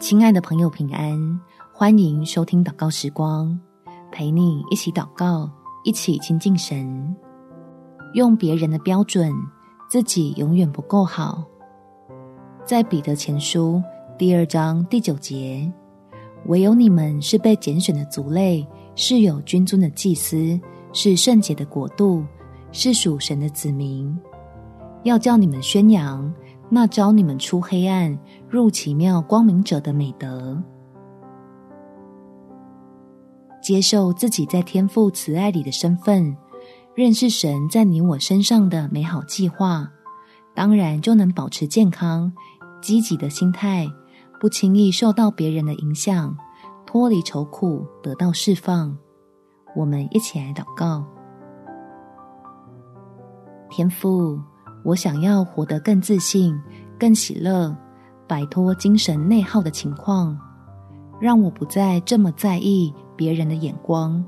親愛的朋友，平安！歡迎收聽禱告時光，陪你一起禱告，一起親近神。用別人的標準，自己永遠不夠好。在彼得前書第二章第九節，唯有你們是被揀選的族類，是有君尊的祭司，是聖潔的國度，是屬神的子民，要叫你們宣揚。那召你們出黑暗，入奇妙光明者的美德，接受自己在天父慈愛裡的身份，認識神在你我身上的美好計劃，當然就能保持健康、積極的心態，不輕易受到別人的影響，脫離愁苦，得到釋放。我們一起來禱告：天父。我想要活得更自信、更喜樂，擺脫精神內耗的情況，讓我不再這麼在意別人的眼光，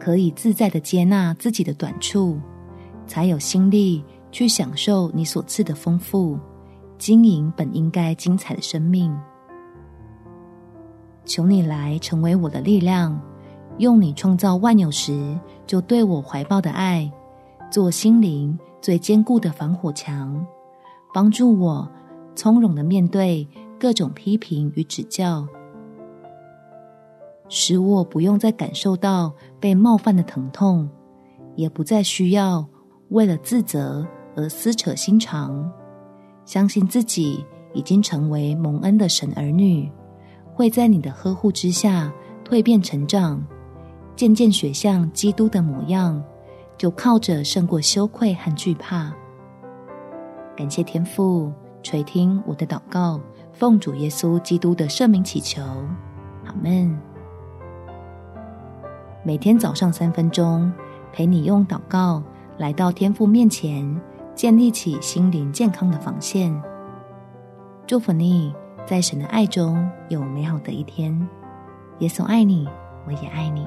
可以自在的接納自己的短處，才有心力去享受你所賜的豐富，經營本應該精彩的生命。求你來成為我的力量，用你創造萬有時就對我懷抱的愛，做心靈。最堅固的防火牆，幫助我從容的面對各種批評與指教，使我不用再感受到被冒犯的疼痛，也不再需要為了自責而撕扯心腸。相信自己已經成為蒙恩的神兒女，會在你的呵護之下蛻變成長，漸漸學像基督的模樣。就靠着勝過羞愧和懼怕，感謝天父垂聽我的禱告，奉主耶穌基督的聖名祈求，阿門。每天早上三分鐘，陪你用禱告來到天父面前，建立起心靈健康的防線。祝福你，在神的愛中有美好的一天。耶穌愛你，我也愛你。